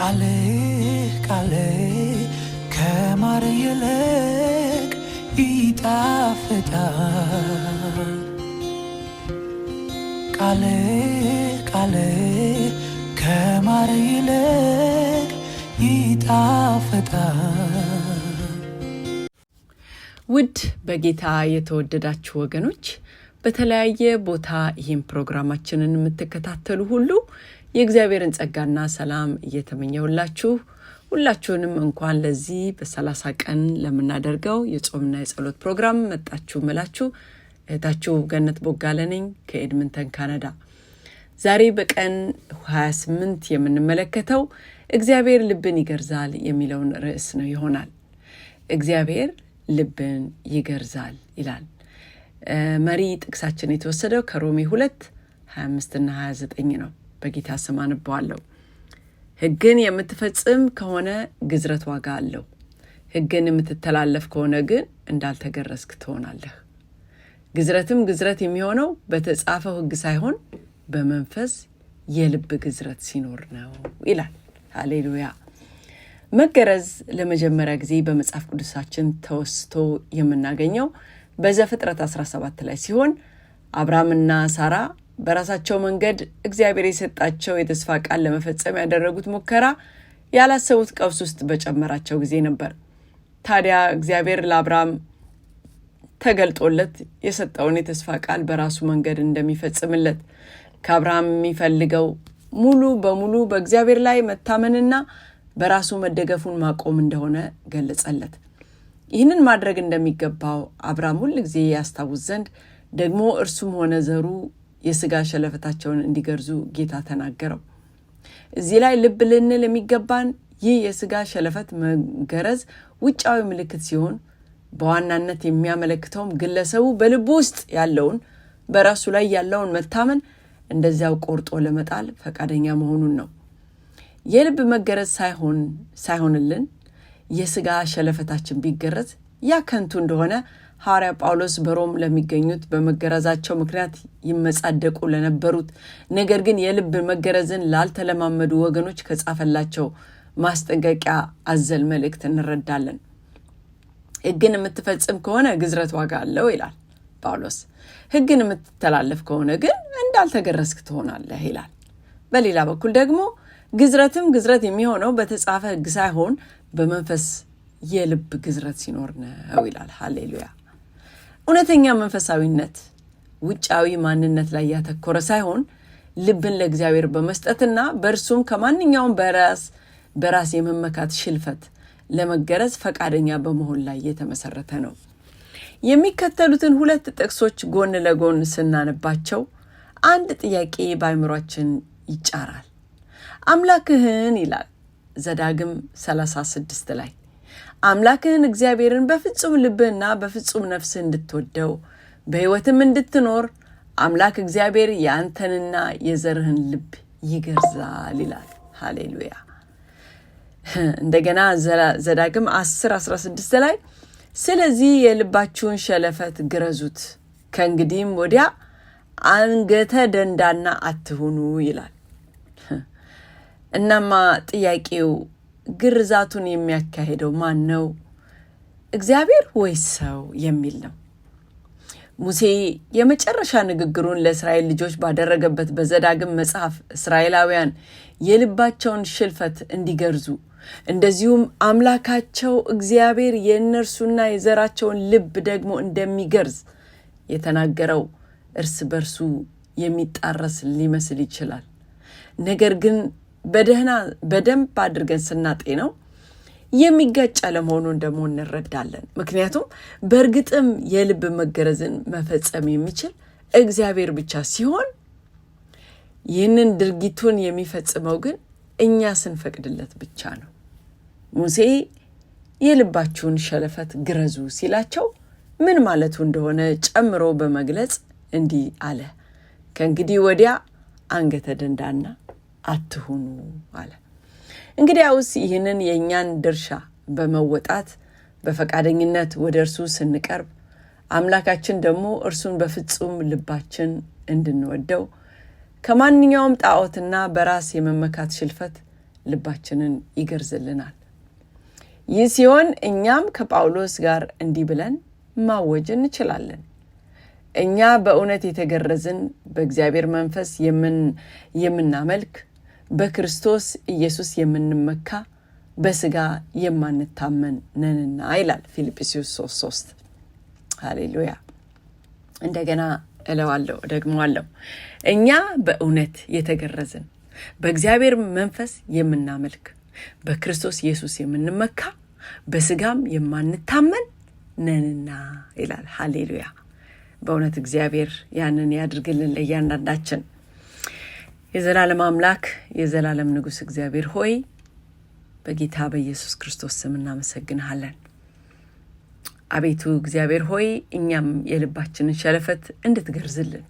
ቃሌ ቃሌ ከማር ይልቅ ይጣፍጣል። ቃሌ ቃሌ ከማር ይልቅ ይጣፍጣል። ውድ በጌታ የተወደዳችሁ ወገኖች በተለያየ ቦታ ይህን ፕሮግራማችንን የምትከታተሉ ሁሉ የእግዚአብሔርን ጸጋና ሰላም እየተመኘሁላችሁ ሁላችሁንም እንኳን ለዚህ በሰላሳ ቀን ለምናደርገው የጾምና የጸሎት ፕሮግራም መጣችሁ ምላችሁ እህታችሁ ገነት ቦጋለ ነኝ ከኤድምንተን ካናዳ። ዛሬ በቀን 28 የምንመለከተው እግዚአብሔር ልብን ይገርዛል የሚለውን ርዕስ ነው ይሆናል። እግዚአብሔር ልብን ይገርዛል ይላል። መሪ ጥቅሳችን የተወሰደው ከሮሜ 2 25ና 29 ነው። በጌታ ስም አንበዋለሁ ሕግን የምትፈጽም ከሆነ ግዝረት ዋጋ አለው። ሕግን የምትተላለፍ ከሆነ ግን እንዳልተገረዝክ ትሆናለህ። ግዝረትም ግዝረት የሚሆነው በተጻፈው ሕግ ሳይሆን በመንፈስ የልብ ግዝረት ሲኖር ነው ይላል። ሃሌሉያ። መገረዝ ለመጀመሪያ ጊዜ በመጽሐፍ ቅዱሳችን ተወስቶ የምናገኘው በዘፍጥረት 17 ላይ ሲሆን አብርሃምና ሳራ በራሳቸው መንገድ እግዚአብሔር የሰጣቸው የተስፋ ቃል ለመፈጸም ያደረጉት ሙከራ ያላሰቡት ቀውስ ውስጥ በጨመራቸው ጊዜ ነበር። ታዲያ እግዚአብሔር ለአብርሃም ተገልጦለት የሰጠውን የተስፋ ቃል በራሱ መንገድ እንደሚፈጽምለት ከአብርሃም የሚፈልገው ሙሉ በሙሉ በእግዚአብሔር ላይ መታመንና በራሱ መደገፉን ማቆም እንደሆነ ገለጸለት። ይህንን ማድረግ እንደሚገባው አብርሃም ሁል ጊዜ ያስታውስ ዘንድ ደግሞ እርሱም ሆነ ዘሩ የስጋ ሸለፈታቸውን እንዲገርዙ ጌታ ተናገረው። እዚህ ላይ ልብ ልንል የሚገባን ይህ የስጋ ሸለፈት መገረዝ ውጫዊ ምልክት ሲሆን በዋናነት የሚያመለክተውም ግለሰቡ በልቡ ውስጥ ያለውን በራሱ ላይ ያለውን መታመን እንደዚያው ቆርጦ ለመጣል ፈቃደኛ መሆኑን ነው። የልብ መገረዝ ሳይሆንልን የስጋ ሸለፈታችን ቢገረዝ ያ ከንቱ እንደሆነ ሐዋርያ ጳውሎስ በሮም ለሚገኙት በመገረዛቸው ምክንያት ይመጻደቁ ለነበሩት ነገር ግን የልብ መገረዝን ላልተለማመዱ ወገኖች ከጻፈላቸው ማስጠንቀቂያ አዘል መልእክት እንረዳለን። ሕግን የምትፈጽም ከሆነ ግዝረት ዋጋ አለው ይላል ጳውሎስ። ሕግን የምትተላለፍ ከሆነ ግን እንዳልተገረዝክ ትሆናለህ ይላል። በሌላ በኩል ደግሞ ግዝረትም ግዝረት የሚሆነው በተጻፈ ሕግ ሳይሆን በመንፈስ የልብ ግዝረት ሲኖር ነው ይላል። ሃሌሉያ እውነተኛ መንፈሳዊነት ውጫዊ ማንነት ላይ ያተኮረ ሳይሆን ልብን ለእግዚአብሔር በመስጠትና በእርሱም ከማንኛውም በራስ በራስ የመመካት ሽልፈት ለመገረዝ ፈቃደኛ በመሆን ላይ የተመሰረተ ነው። የሚከተሉትን ሁለት ጥቅሶች ጎን ለጎን ስናነባቸው አንድ ጥያቄ በአይምሯችን ይጫራል። አምላክህን ይላል ዘዳግም 36 ላይ አምላክህን እግዚአብሔርን በፍጹም ልብህና በፍጹም ነፍስህ እንድትወደው በሕይወትም እንድትኖር አምላክ እግዚአብሔር የአንተንና የዘርህን ልብ ይገርዛል ይላል። ሃሌሉያ። እንደገና ዘዳግም 10 16 ላይ ስለዚህ የልባችሁን ሸለፈት ግረዙት፣ ከእንግዲህም ወዲያ አንገተ ደንዳና አትሁኑ ይላል። እናማ ጥያቄው ግርዛቱን የሚያካሄደው ማን ነው? እግዚአብሔር ወይስ ሰው የሚል ነው። ሙሴ የመጨረሻ ንግግሩን ለእስራኤል ልጆች ባደረገበት በዘዳግም መጽሐፍ እስራኤላውያን የልባቸውን ሽልፈት እንዲገርዙ እንደዚሁም አምላካቸው እግዚአብሔር የእነርሱና የዘራቸውን ልብ ደግሞ እንደሚገርዝ የተናገረው እርስ በርሱ የሚጣረስ ሊመስል ይችላል። ነገር ግን በደህና በደንብ አድርገን ስናጤ ነው የሚጋጭ አለመሆኑን ደግሞ እንረዳለን። ምክንያቱም በእርግጥም የልብ መገረዝን መፈጸም የሚችል እግዚአብሔር ብቻ ሲሆን ይህንን ድርጊቱን የሚፈጽመው ግን እኛ ስንፈቅድለት ብቻ ነው። ሙሴ የልባችሁን ሸለፈት ግረዙ ሲላቸው ምን ማለቱ እንደሆነ ጨምሮ በመግለጽ እንዲህ አለ። ከእንግዲህ ወዲያ አንገተ ደንዳና አትሁኑ አለ። እንግዲያውስ ይህንን የእኛን ድርሻ በመወጣት በፈቃደኝነት ወደ እርሱ ስንቀርብ አምላካችን ደግሞ እርሱን በፍጹም ልባችን እንድንወደው ከማንኛውም ጣዖትና በራስ የመመካት ሽልፈት ልባችንን ይገርዝልናል። ይህ ሲሆን እኛም ከጳውሎስ ጋር እንዲህ ብለን ማወጅ እንችላለን። እኛ በእውነት የተገረዝን በእግዚአብሔር መንፈስ የምናመልክ በክርስቶስ ኢየሱስ የምንመካ በስጋ የማንታመን ነንና ይላል ፊልጵስዩስ 3 3 ሃሌሉያ። እንደገና እለዋለሁ ደግሞ አለው እኛ በእውነት የተገረዝን በእግዚአብሔር መንፈስ የምናመልክ በክርስቶስ ኢየሱስ የምንመካ በስጋም የማንታመን ነንና ይላል። ሃሌሉያ። በእውነት እግዚአብሔር ያንን ያድርግልን ለእያንዳንዳችን። የዘላለም አምላክ የዘላለም ንጉሥ እግዚአብሔር ሆይ በጌታ በኢየሱስ ክርስቶስ ስም እናመሰግንሃለን። አቤቱ እግዚአብሔር ሆይ እኛም የልባችንን ሸለፈት እንድትገርዝልን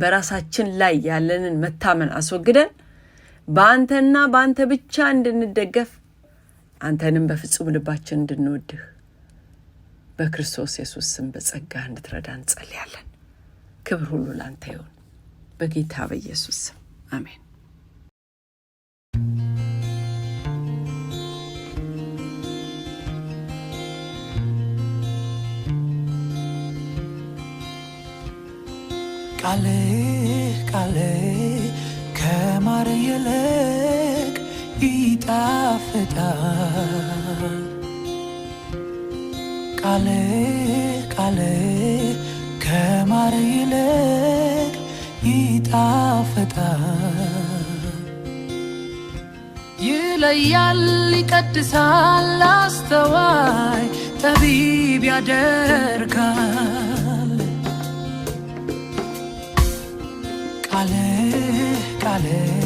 በራሳችን ላይ ያለንን መታመን አስወግደን በአንተና በአንተ ብቻ እንድንደገፍ አንተንም በፍጹም ልባችን እንድንወድህ በክርስቶስ ኢየሱስ ስም በጸጋ እንድትረዳ እንጸልያለን። ክብር ሁሉ ላንተ ይሁን። በጌታ በኢየሱስ አሜን። ቃሌ ቃሌ ከማር ይልቅ ይጣፍጣል። ቃሌ ቃሌ ከማር ይልቅ ሲጣፈጣ ይለያል ይቀድሳል አስተዋይ ጠቢብ ያደርጋል ቃልህ ቃልህ